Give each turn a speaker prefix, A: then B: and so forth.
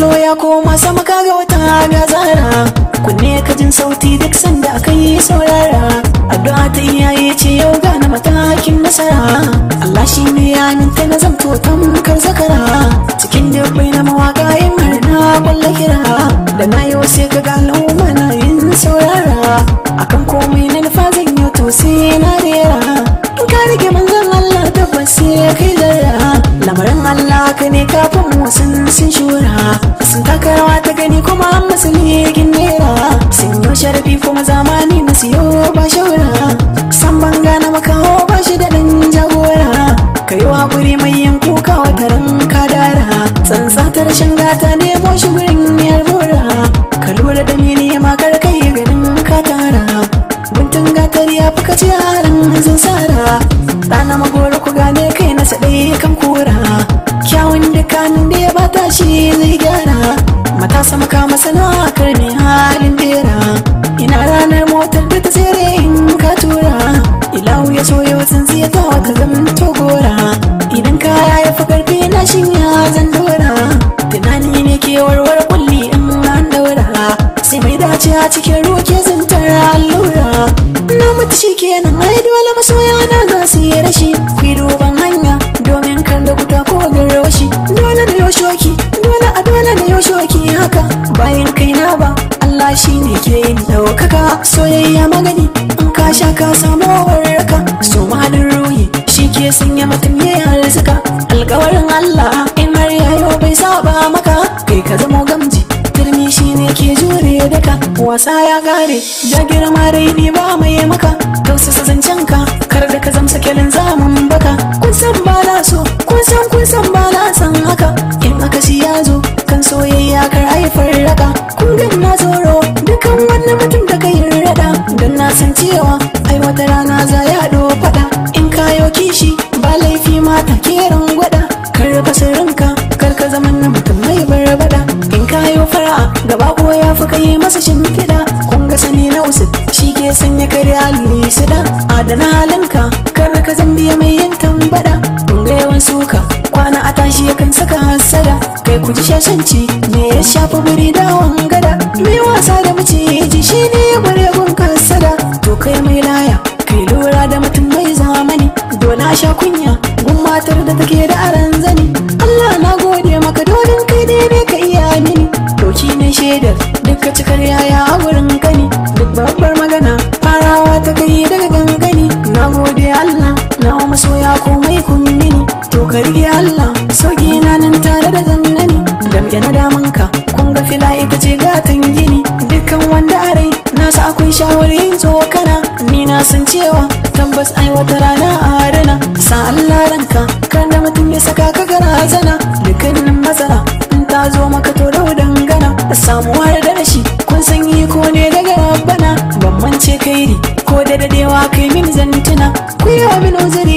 A: kallo ya koma sama kaga wata ga zara kunne ka jin sauti duk sanda aka yi saurara addu'a ta iyaye ce yau ga na matakin nasara Allah shi ne ya ninta na zato tamkar zakara cikin dabbai na mawaka yin murna kwallo kira da na yau sai ka ga al'umma na yin saurara akan komai na nufa zan yi to sai na rera in ka rage manzon Allah tabbas sai kai lara lamarin Allah ka ne kafin mu halin da ya bata shi zai gyara matasa masana kar karni halin dera ina ranar motar da ta tsere in ka tura ilahu ya soya wasan ya tawa ta zamto gora idan kaya ya fi karfi na shin ya zan dora tunani ne ke warwar kulli in an daura sai mai dace a cikin ruwa ke zantar allura na mutu shi kenan ai dole masoya nan ba bayan na ba Allah shi ne ke yin ɗaukaka soyayya magani in ka sha ka samu warraka so mahalin ruhi shi ke sanya mutum ya yi arzika alkawarin Allah in har yayo bai saba maka kai ka zama gamji turmi shi ne ke jure daka wasa ya gare ja girma raini ba mai maka tausasa zancen ka kar da ka zamsa kelin zamun baka kun san ba na so kun san kun san ba na san haka ke sun yi kare hali su da adana halinka kar ka zambiya mai yin tambada ga yawan suka kwana a tashi yakan saka hasada kai ku ji shashanci me ya shafa buri da wangada mai wasa da maciji shine ya bare gun kasada to kai mai laya kai lura da mutum mai zamani dole a sha kunya gun matar da take da aran zani Allah ranka kada mutum ya saka ka gara zana dukkanin matsala in ta zo maka to da dangana samuwa da rashi kun sanyi ko ne daga bana ban mance kairi ko da dadewa kai min zan zantuna ku yi min uzuri